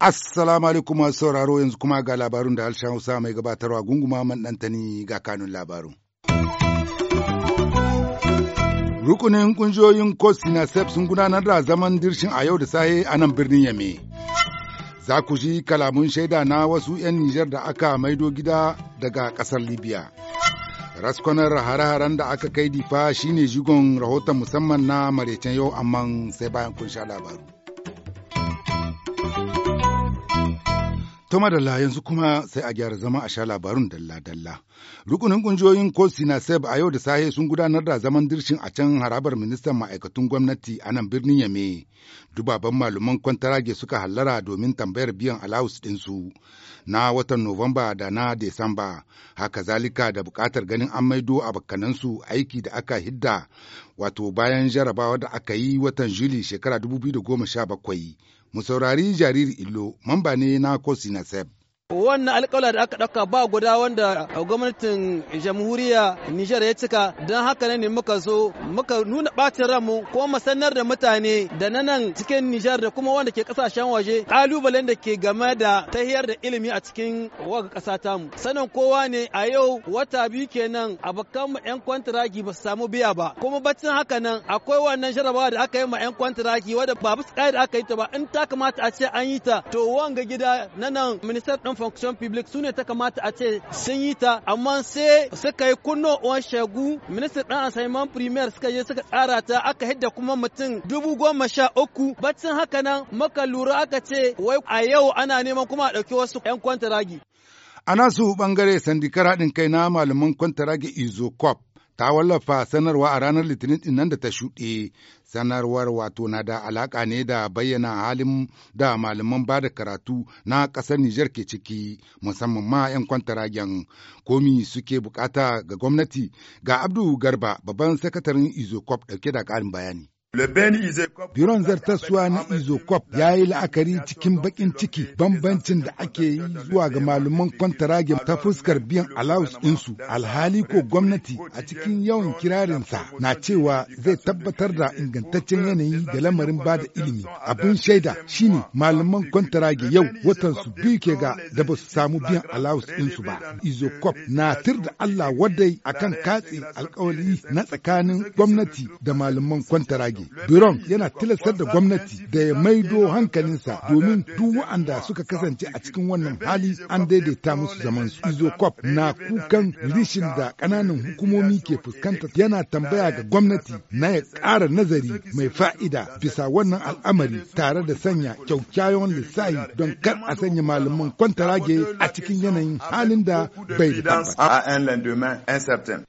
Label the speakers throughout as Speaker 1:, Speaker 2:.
Speaker 1: Assalamu alaikum masu sauraro yanzu kuma ga labarun da harshen Hausa mai gabatarwa gunguma man ɗantani ga kanun labarun. Rukunin kungiyoyin Kosti na sun gudanar da zaman dirshin a yau da sahe a nan birnin Yame. Za ku ji kalamun shaida na wasu 'yan Nijar da aka maido gida daga ƙasar Libya. Raskonar hare-haren da aka kai difa shine jigon rahoton musamman na maraicen yau amma sai bayan kun sha labaru. Ta madalla yanzu kuma sai a gyara zama a sha labarun dalla-dalla. Rukunin kungiyoyin Kosi na Seb a yau da sahe sun gudanar da zaman dirshin a can harabar ministan ma'aikatun gwamnati a nan birnin Yame. Dubaban malaman kwantarage suka hallara domin tambayar biyan alawus dinsu. na watan Nuwamba da na Desamba. Haka zalika da bukatar ganin an maido a bakkanansu aiki da aka hidda wato bayan jarabawa da aka yi watan Juli shekara sha bakwai. mu saurari jariri illo mamba ne na kosinasef
Speaker 2: wannan alƙawla da aka ɗauka ba guda wanda gwamnatin jamhuriya nijar ya cika don haka ne muka zo muka nuna ɓacin ranmu ko mu sanar da mutane da na nan cikin nijar da kuma wanda ke ƙasashen waje ƙalubalen da ke game da tahiyar da ilimi a cikin waga ƙasa tamu sanin kowa ne a yau wata biyu kenan abokan mu 'yan kwantiragi ba su samu biya ba kuma bacin haka nan akwai wannan jarabawa da aka yi ma 'yan kwantiragi wadda ba bisa da aka yi ta ba in ta kamata a ce an yi ta to wanga gida na nan ministan fonction publique su ne ta kamata a ce sun yi ta amma sai suka yi kunno uwan shagu ministan dan assignment premier suka je suka tsara ta aka hidda kuma mutum dubu goma sha uku bacin haka nan maka lura aka ce wai a yau ana neman kuma a ɗauki wasu 'yan
Speaker 3: kwantaragi.
Speaker 1: A nasu bangare sandikar haɗin kai na malaman kwantaragi Cop ta wallafa sanarwa a ranar Litinin ɗin nan da ta shuɗe sanarwar wato na da alaƙa ne da bayyana halin da malaman ba da karatu na ƙasar Nijar ke ciki musamman ma 'yan kwantaragen komi suke bukata ga gwamnati ga Abdu Garba babban sakataren Izokop ɗauke da ƙarin bayani. Biron suwa na Izokop ya yi la'akari cikin bakin ciki bambancin da ake yi zuwa ga malaman kwantarage ta fuskar biyan alaus ɗinsu alhali ko gwamnati a cikin yawan kirarinsa na cewa zai tabbatar da ingantaccen yanayi da lamarin ba da ilimi. Abin shaida shine malaman kwantarage yau watansu biyu ke ga da ba su samu biyan alaus ɗinsu ba. Izokop na tir da Allah wadai akan katse alkawari na tsakanin gwamnati da malaman kwantarage. Biron yana tilastar da gwamnati da ya maido hankalinsa domin duk wa'anda suka kasance a cikin wannan hali an daidaita musu zamansu. Izokop na kukan rishin da ƙananan hukumomi ke fuskanta yana tambaya ga gwamnati na ya ƙara nazari mai fa'ida bisa wannan al'amari tare da sanya kyaukyawan lissahi don kar a sanya malaman kwantarage a cikin yanayin halin da bai da tabbata.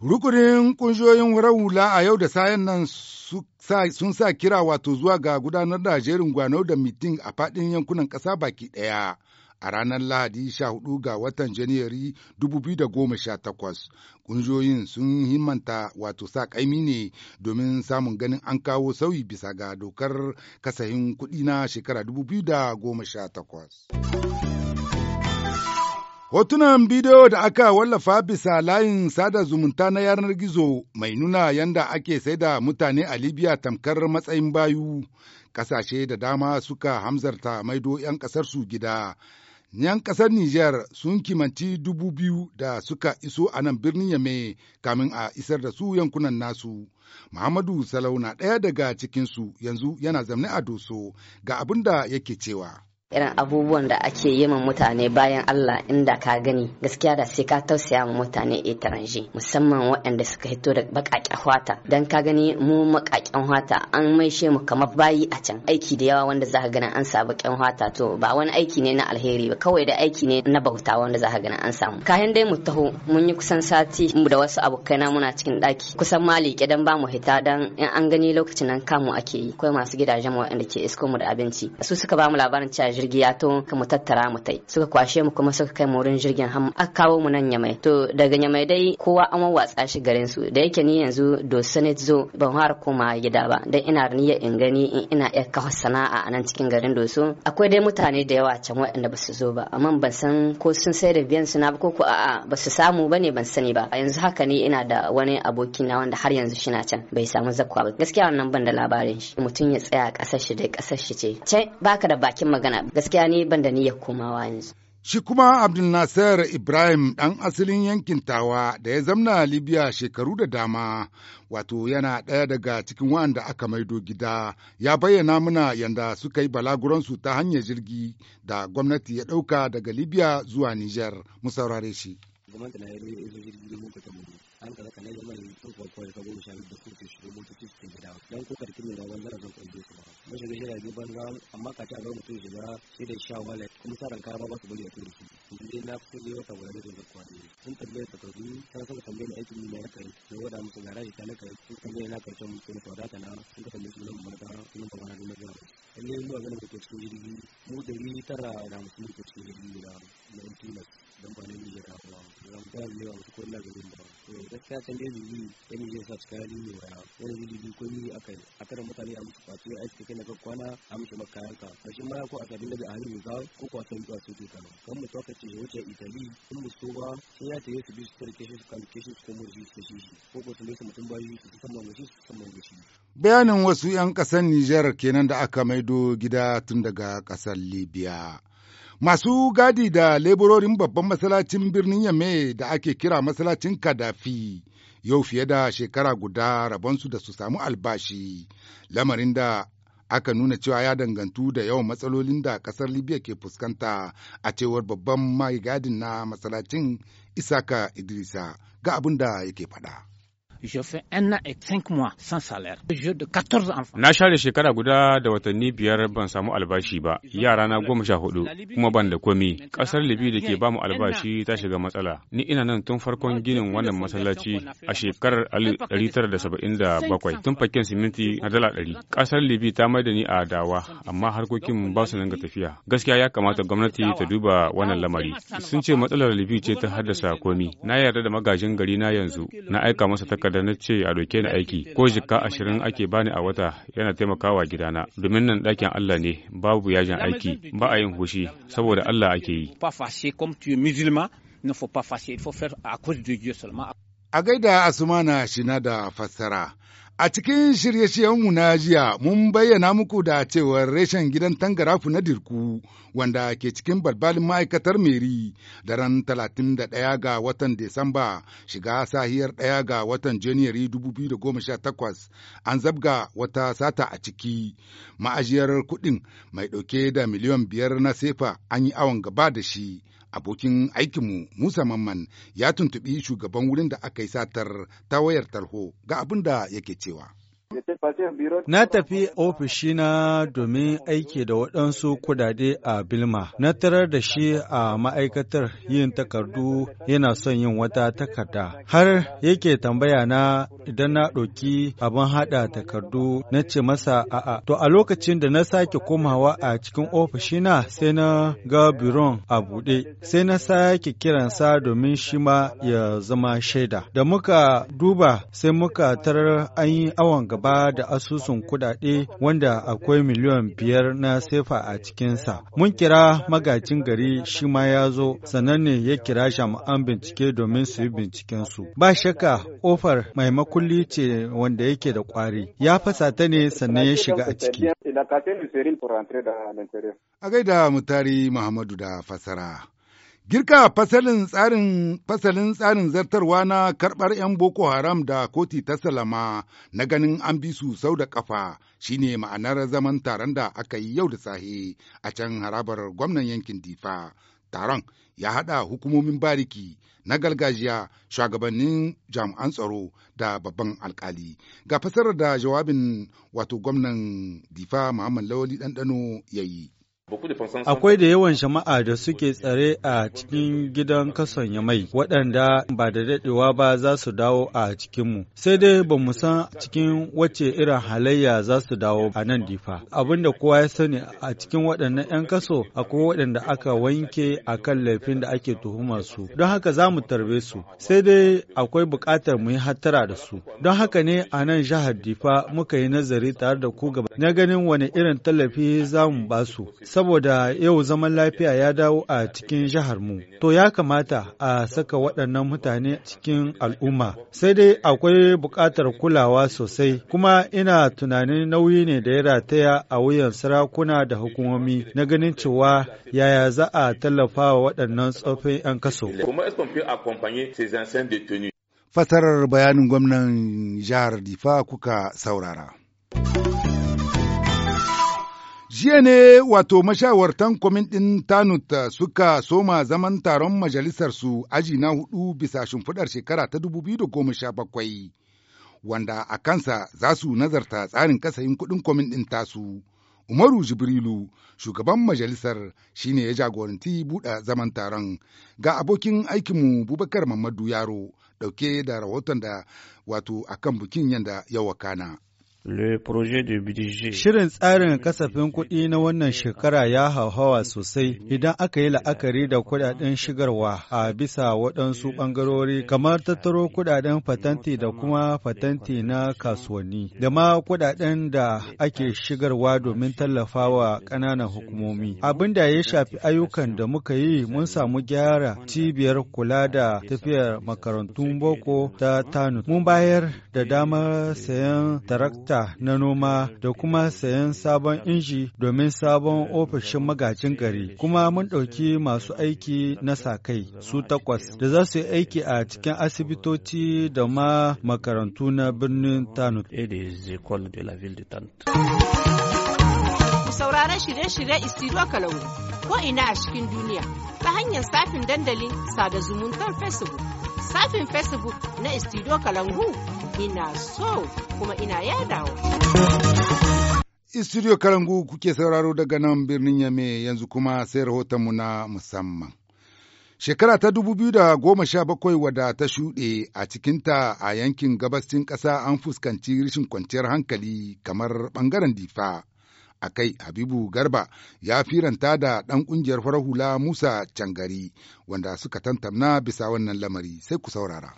Speaker 1: Rukunin ƙunshiyoyin wurar hula a yau da sayan nan sun sa kira wato zuwa ga gudanar da jerin gwanau da mitin a faɗin yankunan ƙasa baki ɗaya. a ranar Lahadi 14 ga watan Janairu 2018. Ƙungiyoyin sun himmanta wato sa ƙaimi ne domin samun ganin an kawo sauyi bisa ga dokar kasahin kuɗi na shekara 2018. Hotunan bidiyo da aka wallafa bisa layin sada zumunta na yanar gizo mai nuna yanda ake saida mutane a Libya tamkar matsayin bayu, ƙasashe da dama suka hamzarta maido 'yan ƙasarsu gida. ‘Yan ƙasar Nijar sun kimanci dubu biyu da suka iso a nan birnin Yame kamin a isar da su yankunan nasu. Muhammadu Salau na ɗaya daga cikinsu yanzu yana zamne a Doso ga abin da yake cewa.
Speaker 4: irin abubuwan da ake yi min mutane bayan Allah inda ka gani gaskiya da sai ka tausaya ma mutane etaranje musamman waɗanda suka hito da baƙaƙen hwata dan ka gani mu maƙaƙen hwata an maishe mu kamar bayi a can aiki da yawa wanda za ka gani an sa baƙen hwata to ba wani aiki ne na alheri ba kawai da aiki ne na bauta wanda za ka gani an samu kayan dai mu taho mun yi kusan sati mu da wasu abokaina muna cikin ɗaki kusan ma liƙe dan ba mu hita dan in an gani lokacin nan kamu ake yi akwai masu gidajen mu waɗanda ke isko mu da abinci su suka ba mu labarin cewa jirgi ya tun mu tattara mu tai suka kwashe mu kuma suka kai mu wurin jirgin ham aka kawo mu nan yamai to daga yamai dai kowa an watsa shi garin su da yake ni yanzu do senate zo ban fara koma gida ba dan ina niyya in gani in ina iya kawo sana'a a nan cikin garin doso akwai dai mutane da yawa can waɗanda ba su zo ba amma ban san ko sun sai da biyan suna ba ko ko a'a ba su samu ba ne ban sani ba yanzu haka ne ina da wani aboki na wanda har yanzu shi na can bai samu zakwa ba gaskiya wannan ban da labarin shi mutum ya tsaya kasar shi da kasar shi ce can baka da bakin magana gaskiya ni ban da niyyar komawa yanzu
Speaker 1: Shi kuma Abdulnasir Ibrahim ɗan asalin yankin tawa da ya zamna Libya shekaru da dama, wato yana ɗaya daga cikin wa'anda aka maido gida, ya bayyana muna yadda suka yi balaguransu ta hanyar jirgi da gwamnati ya ɗauka daga Libya zuwa Nijar, mu saurare shi.
Speaker 2: Gwamnati na jirgi lokacin an kala kana yi mana goma sha biyu da dan ko karki ne da bangaren zan kwaje su ba mun shiga shirya ban banza amma ka ci a mutum ya shiga sai da sha wala kuma sa ran karama ba su bari a turu su dai na fi ne wata wani da zan kwaje sun tambaye ta kazu ta saka tambaye aikin ne na kai ne wada musu gara ta na kai sun tambaye na karshen mutum ta wadata na sun ka tambaye su nan ba ta sun ba wani na gara lalle mu ga ne ke cikin jirgi mu da tara da mutum ke cikin jirgi da mun tilas don ba nan ya dawo ran ba ne wa ko ba to gaskiya can dai bibi yana yin sa ne ko aka yi aka da mutane a musu a cikin kwana a musu makayan ka a shi ko hali ko su kan mu to wuce itali in mu so ba sai ya su bi su tarke shi su kan kuma su shi ko ko mutum ba yi su san mu shi su san mu shi
Speaker 1: bayanin wasu 'yan kasan Nijar kenan da aka maido gida tun daga kasar Libya. Masu gadi da leburorin babban masalacin birnin Yame da ake kira masalacin Kadafi yau fiye da shekara guda rabonsu da su samu albashi, lamarin da aka nuna cewa ya dangantu da yawan matsalolin da ƙasar Libya ke fuskanta a cewar babban mai gadin na masalacin Isaka Idrisa ga abin da yake faɗa.
Speaker 2: je fais un an et cinq mois sans salaire. Je de 14 enfants. Na share shekara guda da watanni biyar ban samu albashi ba. Yara na goma sha hudu kuma ban da komi. Kasar Libi da ke bamu albashi ta shiga matsala. Ni ina nan tun farkon ginin wannan masallaci a shekarar 1977 tun fakin siminti na dala 100. Kasar Libi ta mai da ni a dawa amma harkokin ba su nan ga tafiya. Gaskiya ya kamata gwamnati ta duba wannan lamari. Sun ce matsalar Libi ce ta haddasa komi. Na yarda da magajin gari na yanzu na aika masa takardar da na ce a doke ni aiki ko jika ashirin ake bani a wata yana taimakawa gidana domin nan dakin Allah ne babu yajin aiki ba a yin hushi saboda Allah ake yi. A gaida
Speaker 1: Asumana Shina da fassara. A cikin shirye-shiryenmu na jiya mun bayyana muku da cewar reshen gidan tangarafu na Dirku wanda ke cikin balbalin ma'aikatar Meri da ran 31 ga watan Desamba shiga sahiyar 1 ga watan Janairu 2018 an zabga wata sata a ciki ma'ajiyar kuɗin mai ɗauke da miliyan biyar na sefa an yi awon gaba da shi Abokin aikinmu Musa Mamman ya tuntuɓi shugaban wurin da aka yi satar ta wayar tarho ga abin da yake cewa.
Speaker 3: Na tafi ofishina domin aiki da waɗansu kudade a Bilma. Na tarar da shi a ma'aikatar yin takardu yana son yin wata takarda. Har yake tambaya na idan na ɗauki abin haɗa takardu na ce masa a'a. To a lokacin da na sake komawa a cikin ofishina sai na ga biron a buɗe. Sai na sake kiransa domin shi ma ya zama shaida. Da muka duba sai muka tarar an yi awon gaba gaba da asusun kudade wanda akwai miliyan biyar na sefa a cikinsa. Mun kira magajin gari shi ma ya zo sannan ne ya kira jami'an bincike domin su yi bincikensu. Ba shakka ofar mai makulli ce wanda yake da kwari. Ya fasa ta ne sannan ya shiga a ciki. A gaida mutari Muhammadu da
Speaker 2: fasara.
Speaker 1: Girka fasalin tsarin fasalin tsarin zartarwa na karɓar 'yan Boko Haram da koti ta salama na ganin an bi su sau da ƙafa shine ma'anar zaman taron da aka yi yau da sahe a can harabar gwamnan yankin Difa. Taron ya haɗa hukumomin bariki na gargajiya shugabannin jami'an tsaro da babban alkali. Ga fasarar da jawabin wato gwamnan Difa Muhammad Lawali ɗanɗano ya yi. Akwai
Speaker 3: da yawan jama'a da suke tsare a cikin gidan kason yamai waɗanda ba da daɗewa ba za su dawo a cikinmu. Sai dai ba mu san cikin wacce irin halayya za su dawo a nan difa. Abin da kowa ya sani a cikin waɗannan 'yan kaso akwai waɗanda aka wanke a kan laifin da ake tuhumar su. Don haka za mu tarbe su. Sai dai akwai buƙatar mu yi hattara da su. Don haka ne a nan jihar Difa muka yi nazari tare da ku gaba na ganin wani irin tallafi za mu ba su. saboda yau zaman lafiya ya dawo a cikin jihar mu. To ya kamata a saka waɗannan mutane cikin al'umma. Sai dai akwai buƙatar kulawa sosai, kuma ina tunanin nauyi ne da ya rataya a wuyan sarakuna da hukumomi na ganin cewa yaya za a tallafa wa waɗannan tsofin 'yan kaso. Fasarar
Speaker 1: bayanin gwamnan jihar Difa kuka saurara. Jiya ne wato mashawartan kwamin ɗin Tanut suka soma zaman taron majalisarsu aji na hudu bisa shimfiɗar shekara ta da sha bakwai, wanda a kansa za su nazarta tsarin kasayin kuɗin kwamin tasu. Umaru Jibrilu, shugaban majalisar shine ya jagoranci buɗe zaman taron. Ga abokin aikinmu Bubakar Mamadu Yaro ɗauke da rahoton da wato akan bukin yadda ya na.
Speaker 3: Shirin tsarin kasafin kuɗi na wannan shekara ya hauhawa sosai idan aka yi la'akari da kuɗaɗen shigarwa a bisa waɗansu ɓangarori kamar tattaro kuɗaɗen fatanti da kuma fatanti na kasuwanni da ma kuɗaɗen da ake shigarwa domin tallafawa ƙananan hukumomi. Abin da ya shafi ayyukan da muka yi mun samu gyara cibiyar kula da tafiyar makarantun boko ta Tanu. Mun bayar da damar sayan tarakta ayyuka na noma da kuma sayan sabon inji domin sabon ofishin magajin gari. Kuma mun ɗauki masu aiki na sakai su takwas da za su yi aiki a cikin asibitoci da ma makarantu na birnin Tanut.
Speaker 2: sauraron shirye-shirye istiro kalangu ko ina a cikin duniya ta hanyar safin dandalin sada zumuntar facebook safin facebook na istido kalangu ina so kuma ina yadawa.
Speaker 1: Studio Kalangu kuke sauraro daga nan birnin Yame yanzu kuma sai rahotonmu na musamman. Shekara ta dubu biyu da goma sha bakwai wada ta shuɗe a cikinta a yankin gabascin ƙasa an fuskanci rashin kwanciyar hankali kamar ɓangaren difa. a kai Habibu Garba ya firanta da ɗan ƙungiyar farar hula Musa Cangari wanda suka tantamna bisa wannan lamari sai ku saurara.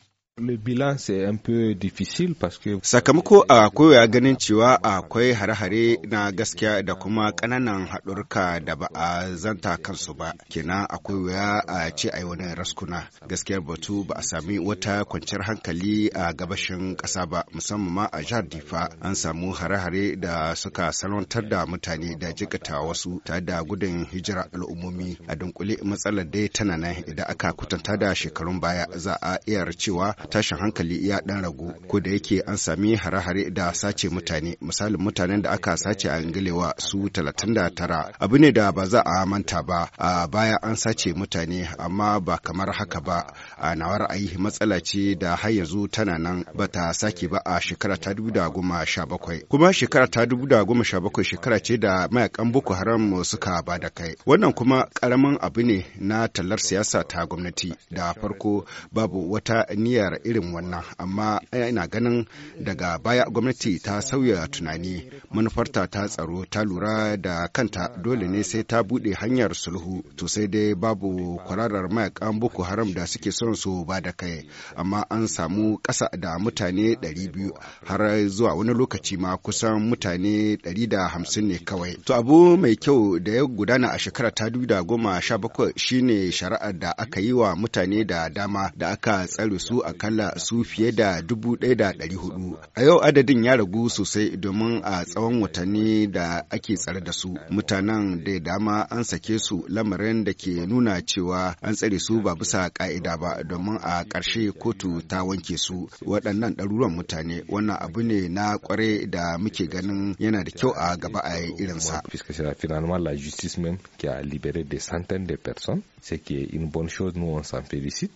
Speaker 2: Sakamako akwai ya ganin cewa akwai hare-hare na gaskiya da kuma ƙananan haɗurka da ba a zanta kansu ba, kenan akwai wuya a ce a yi wani raskuna. Gaskiyar batu ba a sami wata kwanciyar hankali a gabashin ƙasa ba, musamman ma a jihar Difa an samu hare-hare da suka salwantar da mutane da jikata wasu tare da gudun hijira al'ummomi a dunkule matsalar dai tana nan idan aka kwatanta da shekarun baya za a iya cewa tashin hankali ya dan ragu ko da yake an sami hare-hare da sace mutane misalin mutanen da aka sace a ingilewa su 39 abu ne da ba za a manta ba a baya an sace mutane amma ba kamar haka ba a nawar ayi matsala ce da har yanzu tana nan ba ta sake ba a shekara ta 2017 kuma shekara ta 2017 shekara ce da mayakan boko haram suka ba da kai wannan kuma karamin abu ne na tallar siyasa ta gwamnati da farko babu wata niyyar fuskantar irin wannan amma eh, ina ganin daga baya gwamnati ta sauya tunani manufarta ta tsaro ta lura da kanta dole ne sai ta buɗe hanyar sulhu to sai dai babu kwararar mayakan boko haram da suke son su ba da kai amma an samu ƙasa da mutane 200 har zuwa wani lokaci ma kusan mutane 150 ne kawai to abu mai kyau da ya gudana a shekara ta 2017 shine shari'ar da aka yi wa mutane da dama da aka tsare su a kala su fiye da dubu ɗaya da ɗari hudu. A yau adadin ya ragu sosai domin a tsawon watanni da ake tsare da su. Mutanen da dama an sake su lamarin da ke nuna cewa an tsare su ba bisa ka'ida ba domin a ƙarshe kotu ta wanke su. Waɗannan ɗaruruwan mutane wannan abu ne na kware da muke ganin yana da kyau a gaba a irinsa. la justice même qui a libéré de personnes, ce qui est une bonne chose, nous on s'en félicite.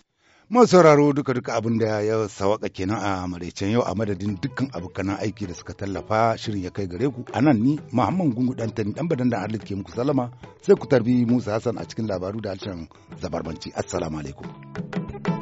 Speaker 1: sauraro duka duka abin da ya sawaka kenan a maraicen yau a madadin dukkan abokanan aiki da suka tallafa shirin ya kai gare ku a nan ni muhammad gungu dan tani dan badan da halitta ke muku salama sai ku tarbi musa hassan a cikin labaru da harshen zabarbanci assalamu alaikum